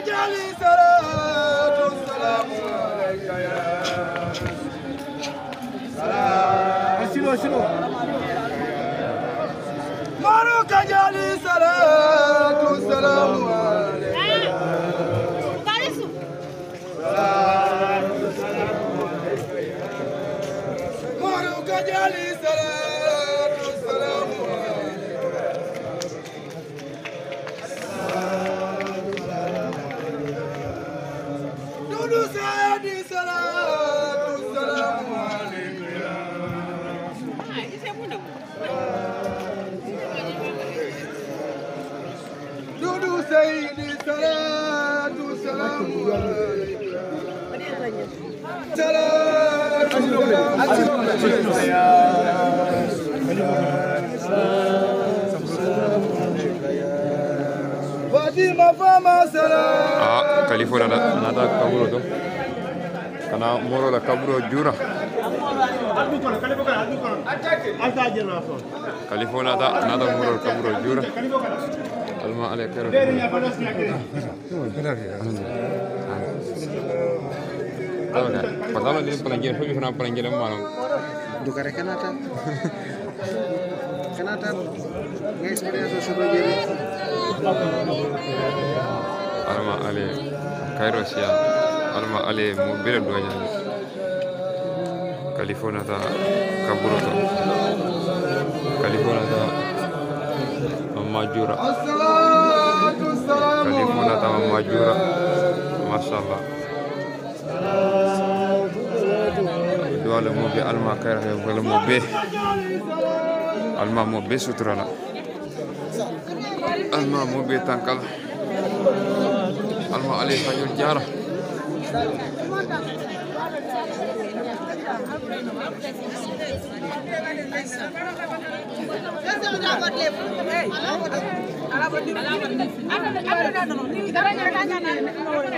واجعلي صلاة السلام عليك يا سلام a ah, kalifo nata kaburo to kana moro la kaburo jura kalifo nata nata moro la kaburo jura alma ale ya, kero ya Allora, parlava di pelanggilan, saya pernah pelanggilan malam. Duka re kanata. Kanata, nggak kan experience sudah jadi. Alma ale, Cairo sia, alma ale mobil dua jam. California ta kaburoto. California ta majura. California ta majura. allah. ala mo be alma kayra he wala mo be alma mo be sutura alma mo be tankal alma ali fajul jara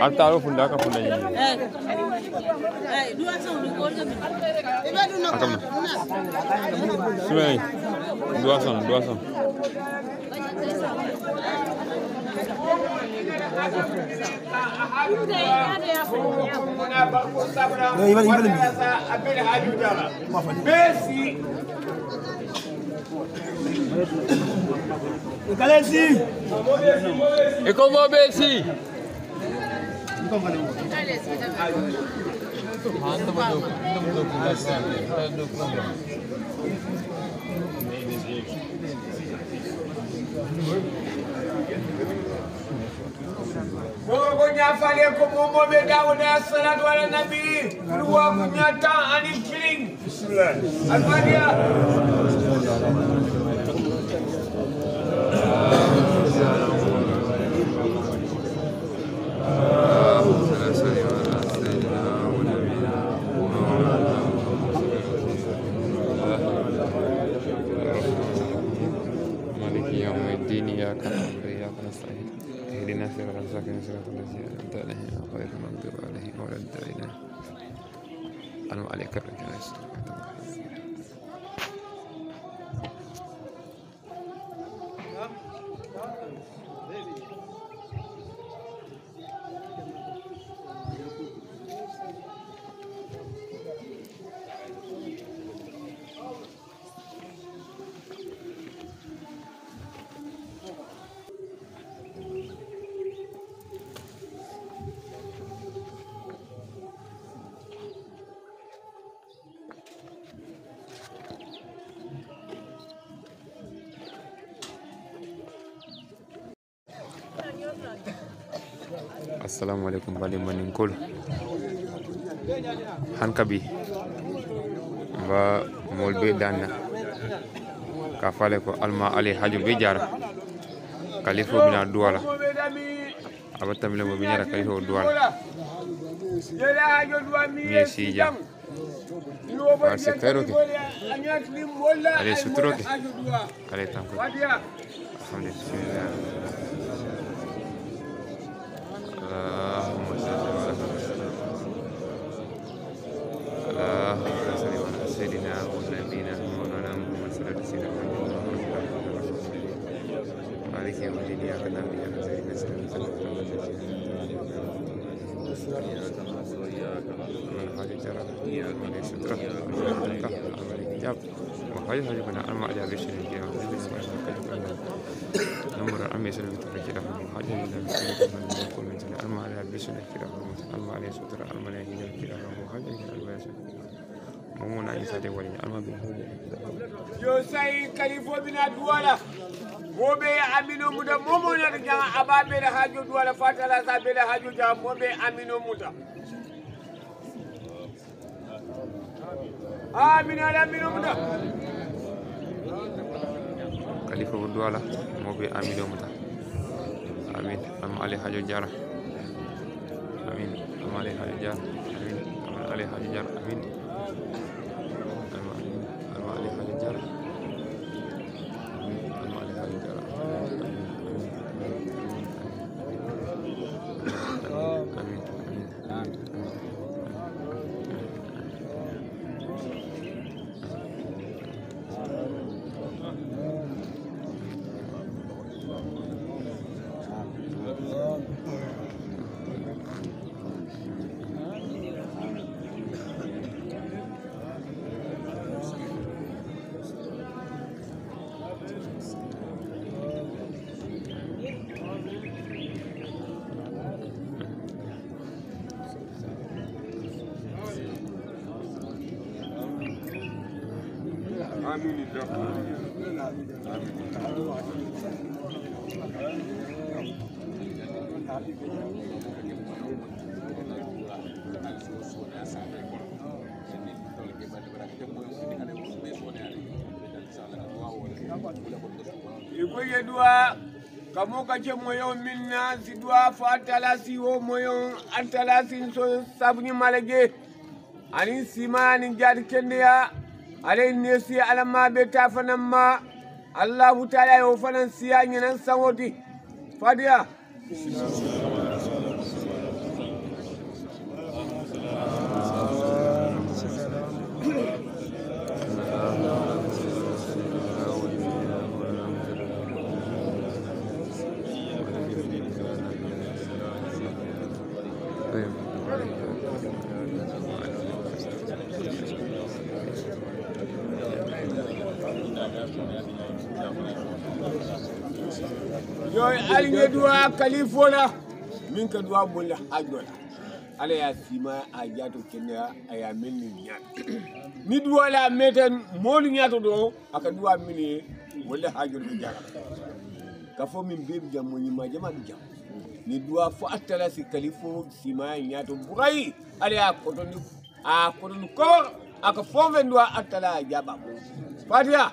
Ata ayo funda ka funda yi. Doação, doação. son, dua son. Messi. E como Messi? E como Messi? Nafale kumu o dauna salat wala nabi keluar menyata anis kiling. Bismillah. Al-Fatihah. se alcanza que Assalamualaikum alaikum bali manin kol hankabi ba molbe danna ka fale ko alma ali hajo be jara kalifo bina duwala abatamile mo binyara kalifo duwala mi sija Alse ke. Ale ke. Ale tanko. Alhamdulillah. shukran shukran al-hijab wa hayya hayya bana amma ala bi shirin kiyama wa bi isma'i ka tukana namura muda Ah, ah, amin ala amin umda khalifa bu duwala mo be amin umda amin am ali hajo jara amin am ali hajo jara amin am ali hajo jara amin am ali hajo jara dua kamu kaje moyo minna si dua fa talasi wo moyo atalasi so sabni malage ani simani jad kendiya ale nesi alama be ta fanan ma allahu taala yo fanan siya nyen sawoti fadiya kalifona min ka duwa bolla hajola ala ya sima a jato kenya a ya min ni nya ni duwa la meta molu nya to do aka duwa min ni bolla hajola ni jara ka fo min be jam mo ni ma jama jam ni duwa fo atala si kalifo sima nya to burai ala ya koto ni a koto ni ko aka fo ven duwa atala jaba fatiha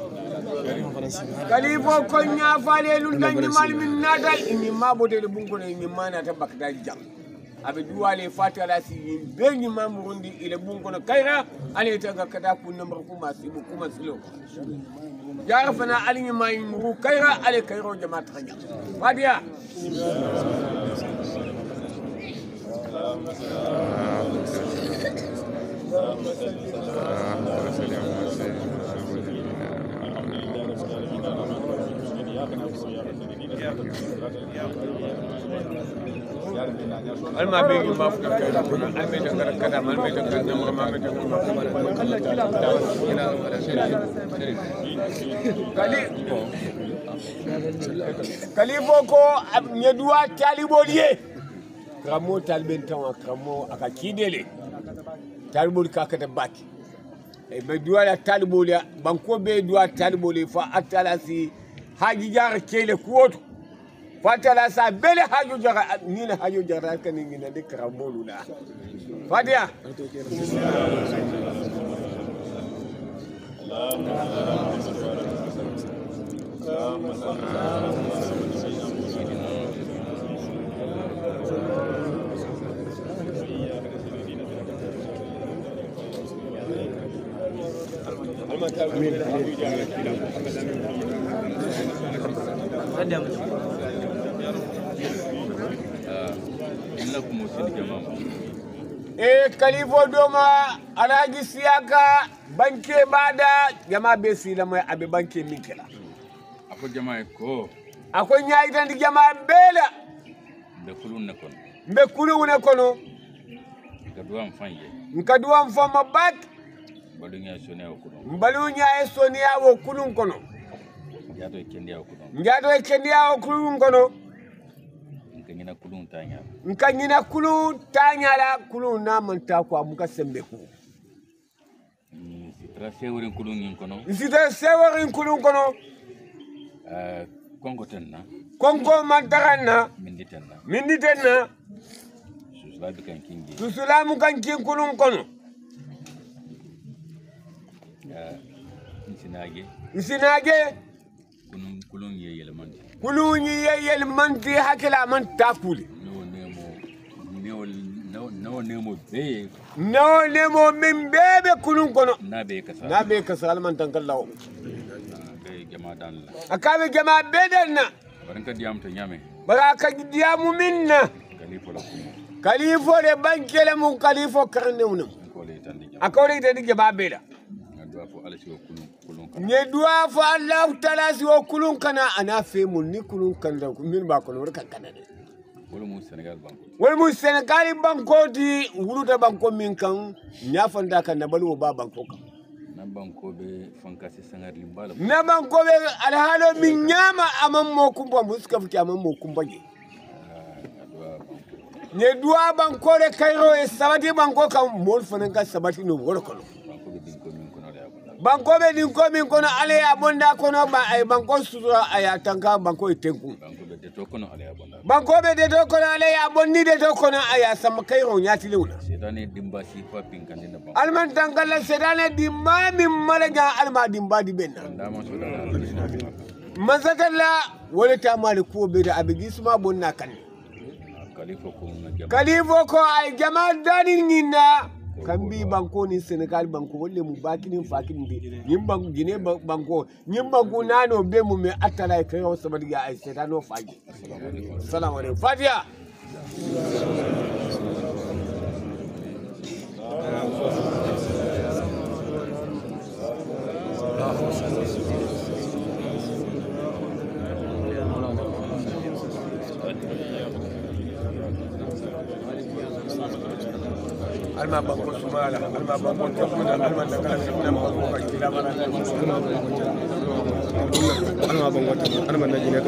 kalifo kon ya fale lun dan mal min nadal ni ma bode de bunko ni ni mana ta bakta jam abe duwale fata la si ni be ni ma murundi ile bunko na kaira ale ta ga kada ku namar kuma si ku kuma silo ya rafana ni ma mu kayra kaira ale kayro jama'a ta hanya fadiya اللهم صل على محمد alma be yi ma fuka kai da kuma alme da kar kada mal me da kan namar ma me da kuma kala kila kila da shiri kali kali boko ne duwa taliboliye kramo talben tawa haji jara kele kuoto fatala sa bele haju jara nina haju jara kani ngina de karambolu da fatia اللهم صل على سيدنا محمد محمد e eh, kalifo doma alhaji siyaka banke bada jama be silamay aɓe banke min kela ako jama ko ako ñayitandi jama beela mbe kulunne kono mbe kulune kono nkaduwan fanje nkaduwan fama bat mbaluña soniya wo kulun mbaluña e soniya wo kulun kono njato e kendiyawo kulum kono nkañina kulun tañala nkañina kulun tañala kulun na manta ko amuka sembe ku nsitara seworin kulun ñin kono nsitara seworin kulun kono eh, konko ten na konko mantaran na mindi ten mindi ten na susulamu susulamu kan kin kulun kono eh, nsinage nsinage كلوني يا يلمندي كلوني يا يلمندي هاكي لا من تافولي نو نمو بي نو نمو من بي كلون كونو نبي كسال نبي كسال من تنقل لو نبي جما دان لا اكابي جما بدلنا برنك ديام تنيامي براك ديام منا كليفو لكم كليفو لبنك لمو كليفو كرنونو اكولي تندي جما بيلا ادوافو على شو كلون kulun kana ne duwa fa allah taala si wo kulun kana ana fe mun ni kulun kana min ba kulun kan kana ne wol mu senegal banko wol mu senegal banko di ban ko min kan nya fanda kan na balwo ba banko kan na banko be si sangar limbala na ko be alhalo min nyama amam mo kumba muska fuki amam mo kumba ne ah, ne duwa banko de kairo e sabati banko kan mol nan ka sabati no wor kono banko be nin ko min kono ale ya bonda kono ba ay eh, banko sutura aya eh, tanka banko itenku banko be de to kono ala ya bonda banko be de to kono ya bonni de to kono aya eh, sam kairo nyati lewna sedane dimba si fa pinkande na ba alman tangala sedane dimba min malaga alma dimba di benna mazatalla wala ta maliku ko be da abigi suma bonna kan kalifo ko ay jama'a dadin ninna kambi banko ni senegal banko wolle mu fakini fakinde yin banko gine banko yin banko nano be mu me atala e kai ho sabadi ya e ai n'o faji assalamu alaikum fatiha alma bankon sumala alma bankon tabbuna alma da kala sunna ma ko kai kila bara alma bankon alma bankon alma na jina ka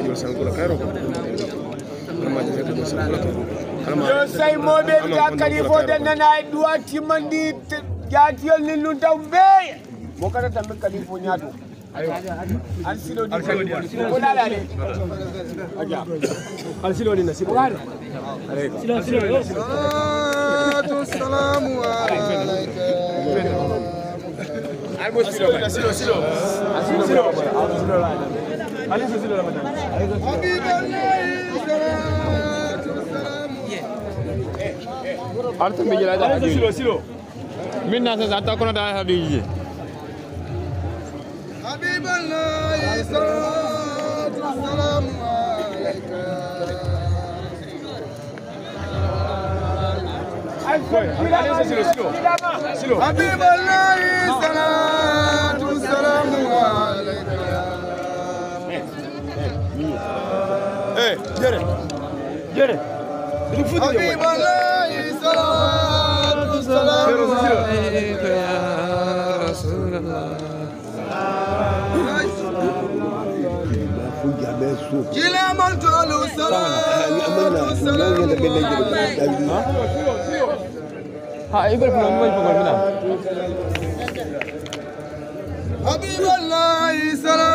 alma jina আসসালামু আলাইকা আর বসছিল ছিল ছিল ছিল ছিল আলি ছিল রমাদান আর তো মিলে আদা ছিল ছিল মিন্না সে জানতা কোন দা হাবি হাবিবাল্লাহ ইসলাম Allez, c'est le slow. Slow. Habib Allah, salatu salamu Hey, geri. Geri. Habib Allah, salatu salamu aleyke ya Resulallah. Kilamantalu salatu salamu aleyke. ها يقول في الأموال فقال منها حبيب الله سلام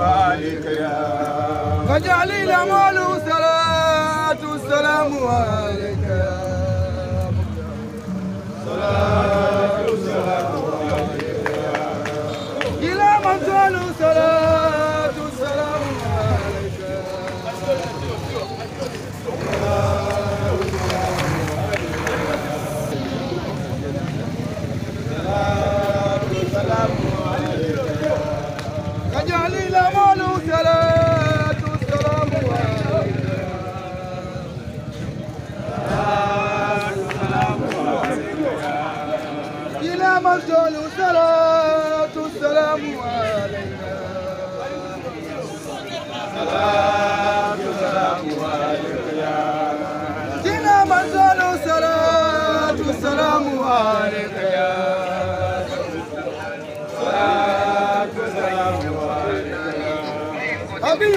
عليك يا فاجعل الأمال والصلاة والسلام عليك يا صلاة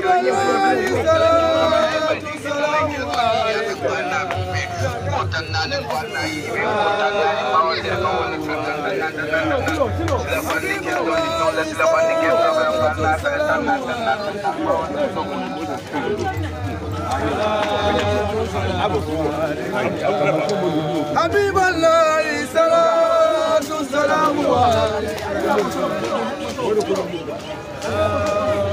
Abu Salamu alaykum.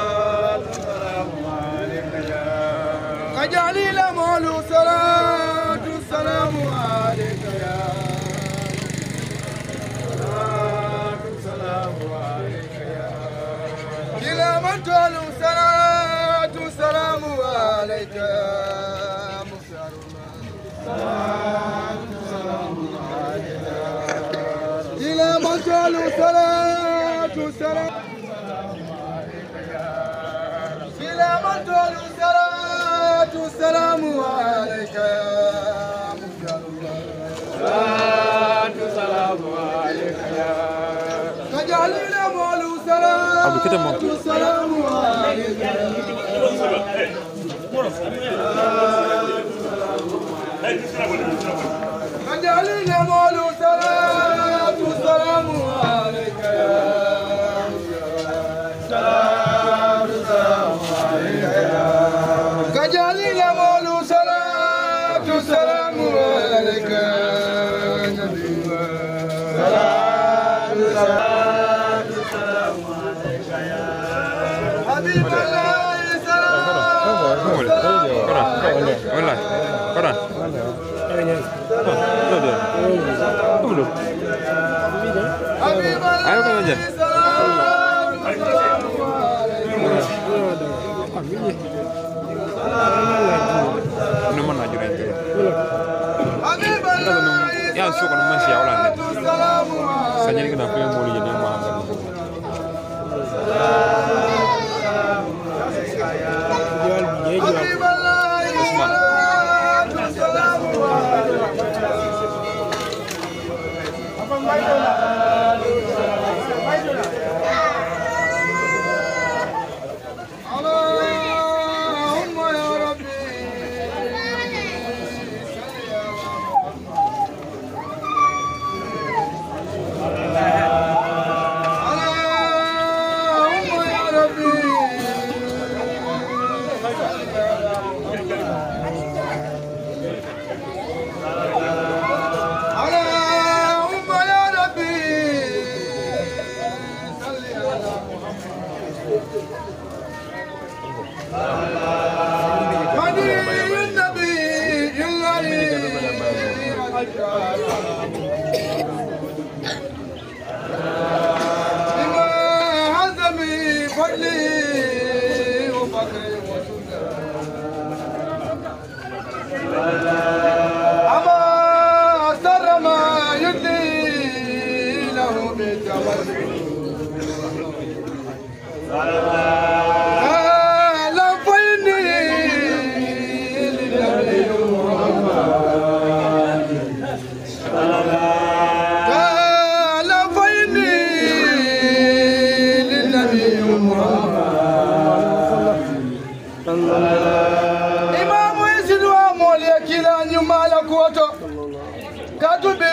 وجعلي لمولو صلاة السلام عليك يا صلاة السلام عليك يا إلى من تولو صلاة السلام عليك يا مختار صلاة السلام عليك إلى من تولو صلاة السلام عليك يا إلى من تولو والسلام عليك يا مولى الله السلام عليك يا تجعلنا مولى سلام السلام عليك يا تجعلنا مولى salatu Ayo kan ne ma najura in tiro ya su kono man siya wala ne sanyani kenapa yang boli jena ma hankali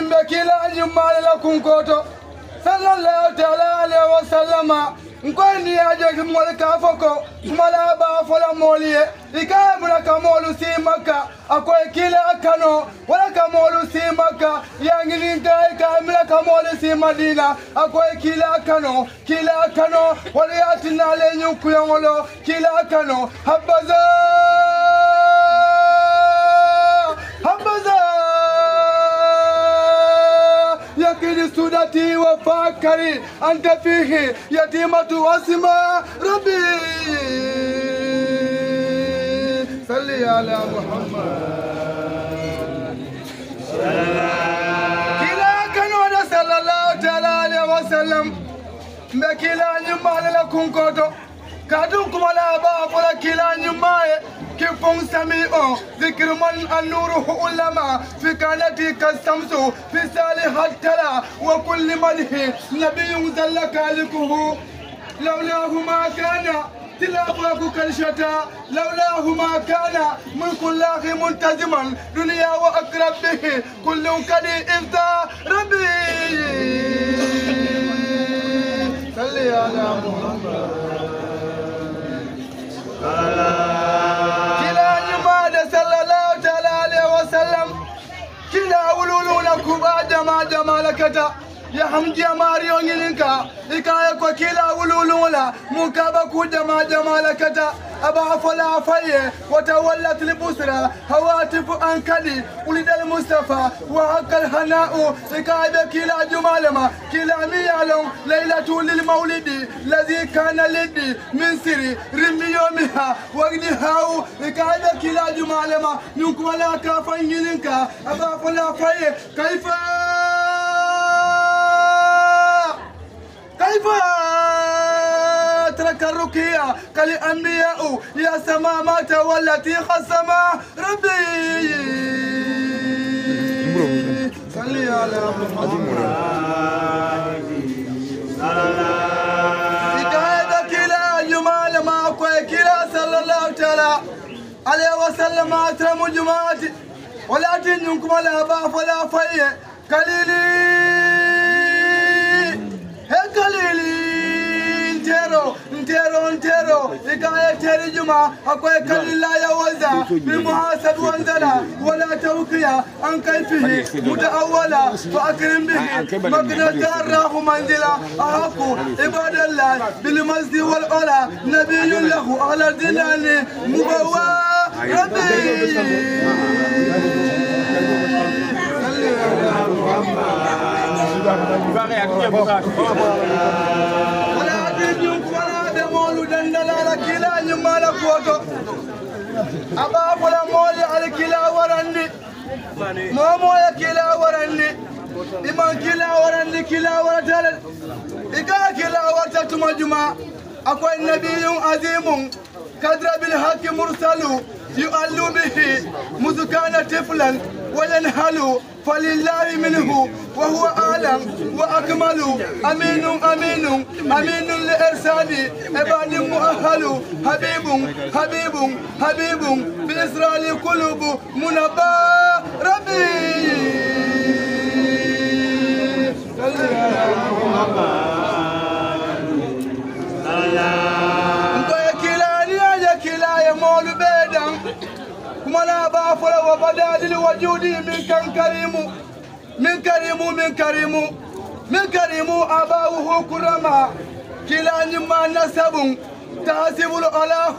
min ɓe kila jummale la kunkoto sallallahu taala alayhi wa sallama nkoy ndiyajogi mol ka fo ko mala ba fola moolu ye i ka bula ka moolu sii makka a koye kila kano wala ka moolu sii makka yanginin ka i ka mila ka moolu sii madina a koye kila kano kila kano wala yatinale ñun kuyoŋolo kila kano habbaza لكن سنتي وفكري أنت فيه يتيمة واسمة ربي صلي على محمد كلا كان صلى الله عليه وسلم بكلا نمال لكم كتب كادوكم على باب ولا نماي كفون سميعون ذكر من النوره علماء في كانت كالسمس في صالح التلا وكل مله نبي زل كالكه لولاه ما كان تلافاك كالشتاء لولاه ما كان من كلاه ملتزما دنيا واقرب به كل كني افتى ربي صلي على محمد kina ibada sallallahu ta'ala alaihi wasallam kina wululu na kuba jama jama lakata حمدي يا ماريو يلينكا ikaya كوكيلا ولولولا مكابا كودا ما jamala kata أبا فلا فاية وتولت البصرة هواتف أنكلي ولد المصطفى وحق الهناء لكاد كيلا جمالما كيلا ميالم ليلة للمولد الذي كان لدي من سري رمي يومها هاو لكاد كيلا جمالما نكوالا كافا يلنكا أبا فلا فاية كيف كيف ترك الركية قال الأنبياء يا سما ما تولت خصما ربي صلي على محمد عليه وسلم أترم جماعتي ولكن ينكم الأباء فلا فيه قليلين لقاية الجمعة أقوى كل لا يوزا بمحاسب وانزلا ولا توقيع عن فيه متأولا فأكرم به مكنة جاره منزلا أحق عباد الله بالمزد والعلا نبي له أهل الجنان مبوى ربي sokoto ababula moya alikila warandi momoya kila warandi iman kila warandi kila waratale iga kila warta tuma juma akwai nabiyun azimun kadra bil haqqi yu yu'allu bihi muzkana tiflan وننهل فلله منه وهو أعلم وأكمل أمين أمين أمين لإرسال عباد مؤهل حبيب حبيب حبيب بإسرائيل قلوب منبى ربي منا بافر وبدا للوجود من كان كريم من كريم من كريم من كريم أباوه كرما كلا ما نسب تحسب الألاه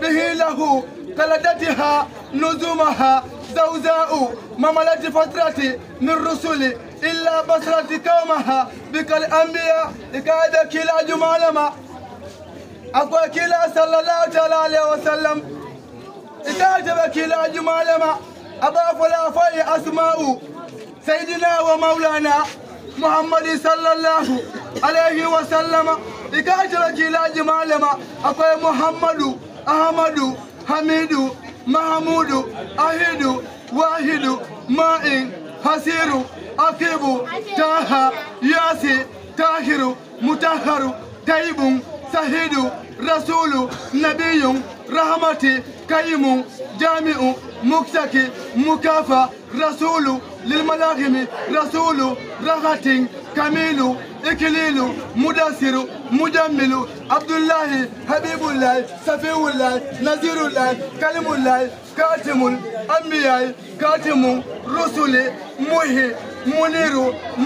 به له قلدتها نزومها زوزاء مملت فترة من رسل إلا بصرة كومها بك الأنبياء لكاد كلا جمالما أقوى كلا صلى الله عليه وسلم ina ta bakila ji malama abafula fayi asma'u sayidina wa maulana muhammadu sallallahu alaihi wa sallama ika ta bakila ji malama akwai muhammadu ahmadu hamidu Mahmudu, ahidu wahidu ma'in hasiru akibu taha yasi tahiru mutaharu taibun sahidu rasulu nabiyun rahmati كيم جامع مكسكي مكافى رسول للملاغم رسول رغة كميل إكليل مدسر مجمل عبد الله حبيب الله سفي الله نذير الله كلم الله كاتم الأنبياء كاتم رسل مهي منير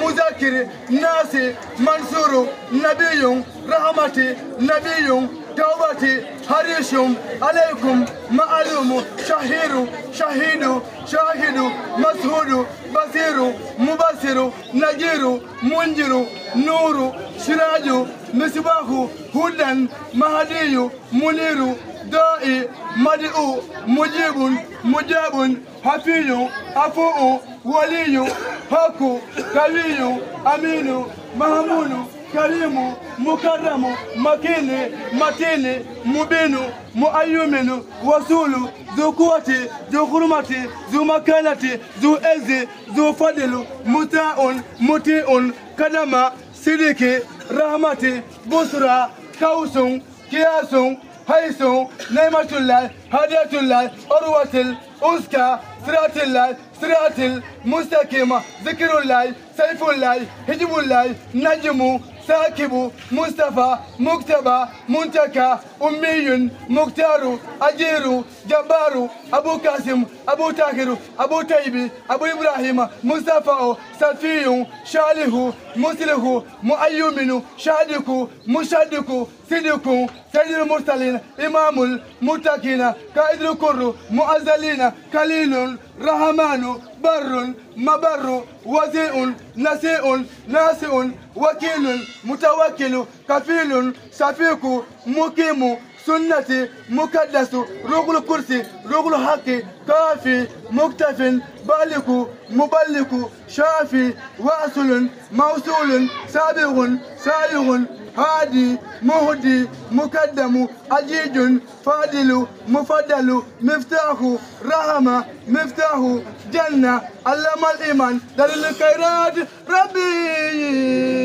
مذكر ناس منصور نبي رحمة نبي توبتي هريشم عليكم معلوم شهيرو شهيدو شاهدو مسهودو بصير مبصر نجيرو منجرو نورو شراجو مصباح هدى مهديو منيرو دائي مدعو مجيب مجاب حفي افو ولي حق قوي امين مهمون karimu mukaramu makini matini mubinu muayuminu wasulu ذو قوة ذو حرمة ذو مكانة ذو عز ذو فضل متاع مطيع كلمة سلك رحمة بصرى كوس كياس حيث نعمة الله هدية الله أروة أسكى صراط الله صراط المستقيم ذكر الله سيف الله حجب الله نجم ثاكب مصطفى مكتبى منتكى أمي مختار أجير جبار أبو قاسم أبو تاهر أبو تيبي أبو إبراهيم مصطفى سفي شاله مسله مؤيمن شادك مشادك صدق سيد المرسلين إمام المتقين قائد الكر مؤزلين كليل رحمان بر مبر وزيء نسيء ناسئ وكيل متوكل كفيل شفيق مقيم سنتي مقدس رغل كرسي رغل حقي كافي مكتف بالك مبلك شافي واصل موصول سابغ سائغ هادي مهدي مقدم أجيج فادل مفضل مفتاح رحمة مفتاح جنة علم الإيمان دليل الخيرات ربي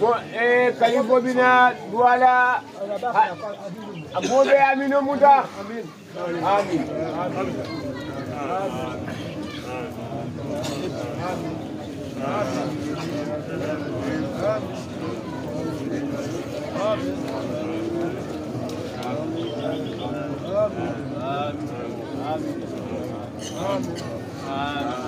Bon bina eh, duwala Bobina, voilà. muta amin Amin. Amin.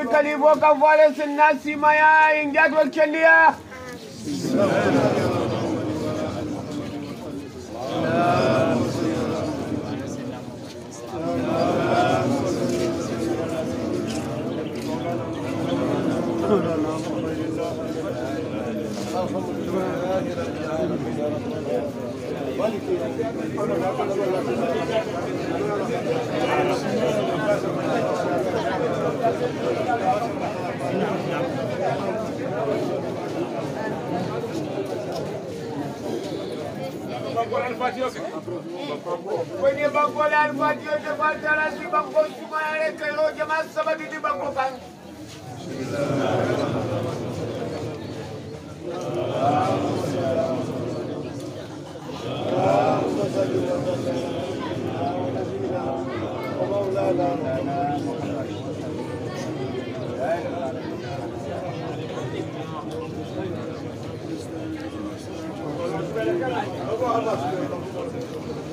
hankali bokan faransin nasi maya in jadwal kyalliya Thank you. kwenye bakoli alifuatiote kwatarasi bakosumaalekelo jamasabadidi bakoka اللهم صل وسلم على رسول الله ومولانا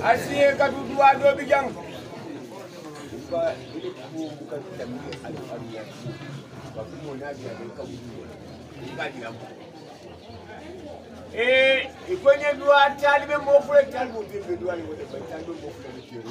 asiye katutua dobi jango ba ile ku kan tambiye alfariya ba kuma na biya da ka wuce ba ga jira ko be mofule tali mu be dua ni wote ba tali mofule ni tiru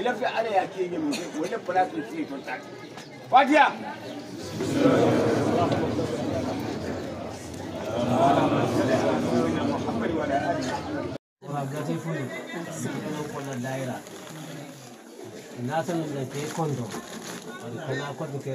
ilafi ala ya ke yi mai wani falatin sai to ta fatiya na sanin da ke kondo wani kana kwadin ke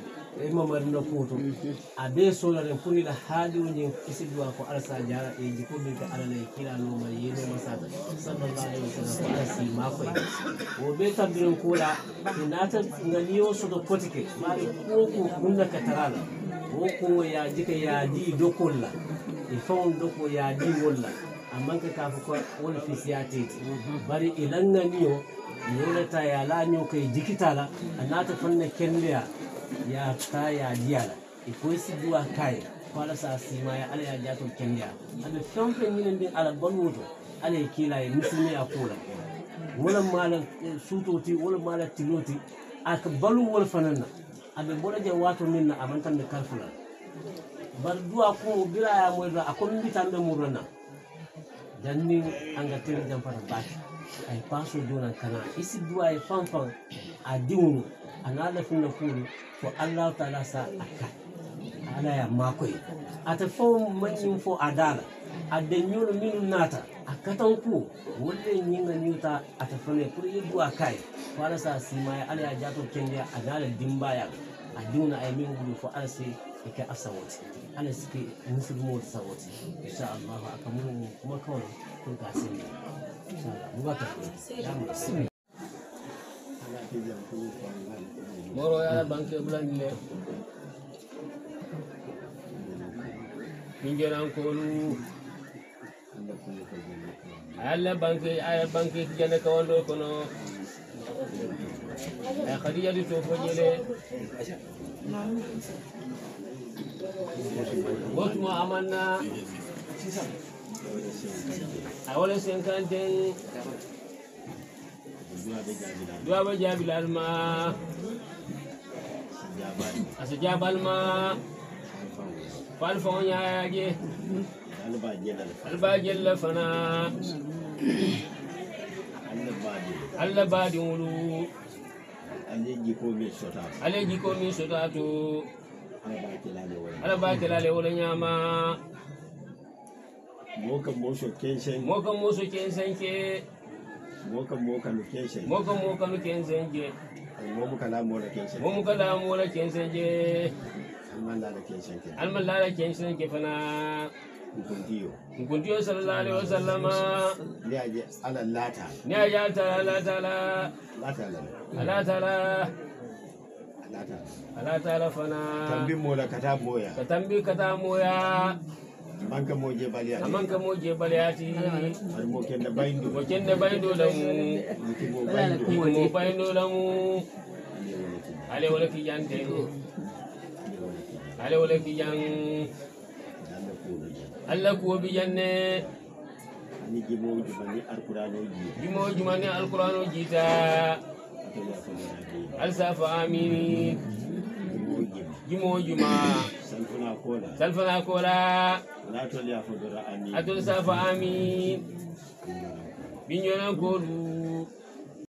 ima marino kuutu mhm. a be solaren punnila haaju ñin kisiduwa ko alasa jara e jikudde ko alala e kiranoma yeno masata sallallahu alayhi wa sallam ko alasi makoye o be tambiren kuula e naata ngaliyo soto potike maɗa kuwo ko gunna ka tarala wo ko ya jika ya di dokol la e fawon doko ya di wol la amman ka kafa ko wol fisiya tete mhm. bari ilan nganiyo yolata ya la ño koye jikitala a naata fanna kendeya ya kaya la e koysi duwa kaya ko ala sa simaya ala ya jato kenya aɓe fen fen minen mbin ala wuto ala e kiila e musulmi a kuula wala maala eh, ti wala maala tiloti aka baluwol fananna aɓe bora je wato min na de kalfulal bar duwa ko biraya moyɗa a komi mbitanɓe murrana jannin angatere jam fata ba ay paso na kana isi duwa e fan fan a diwno anala fun nakuru fo allah taala sa akka ala ya makoy ata fo mayin fo adala adde nyolo minu nata akatan ku wolle nyinga nyuta ata fane pour yidu akai wala sa ma ya ala ya jato kende adala dimbaya a ay min gudu fo ala se ike asawoti ala sike musulmo sawoti insha allah aka mun kuma kawai kun ka sani insha allah mu ba ta moro yala banque bulanile ɓingenankonu ayalla banque aya banque tijane kawanɗo kono ay eh, hadiyadi to foƴele gotumo amanna a ah, wala cinquante du'a bɛ jaabi la alima asijaba alima falifaŋ nyaayaage aliba jella fana alla baadin wulu ale jiko min sota to ala b'a kɛla ale wolo ɲaama mɔɔ ka mɔɔ ka mɔɔ sɔ kɛnsɛn kɛ mokamokalu kense mokamokalu kensenje momukala mola kense momukala mola kensenje almallala kensenke almallala kensenke fana nkuntiyo nkuntiyo sallallahu alaihi wasallama ne aje ala lata ne aje ala lata la lata la lata la lata la fana tambi mola kata moya katambi kata moya amanka moje baliyati amanka moje baliyati mo kenda bayndu mo kenda bayndu lamu mo bayndu lamu ale wala ki jante ale wala ki jang alla ko bi janne ani jimo jumani alqur'ano ji jimo jumani alqur'ano ji ta alsafa amin jimo juma salfuna kola salfuna kola amin atul safa amin binyonan kodu